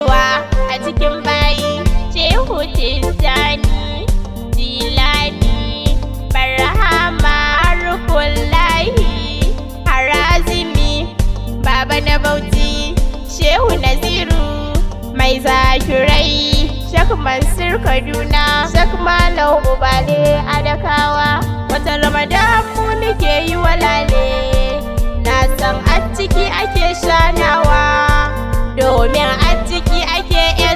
Wa a cikin bayi, Shehu Tijjani, Jilani, Barhama, Rukullahi, Harazimi, Baba na Bauchi, Shehu Naziru, Mai Zakirai, Shek Mansur Kaduna, Shek Malam Ubale Adakawa, wata Ramadan mu nake yi walale, na san a ciki ake I can't.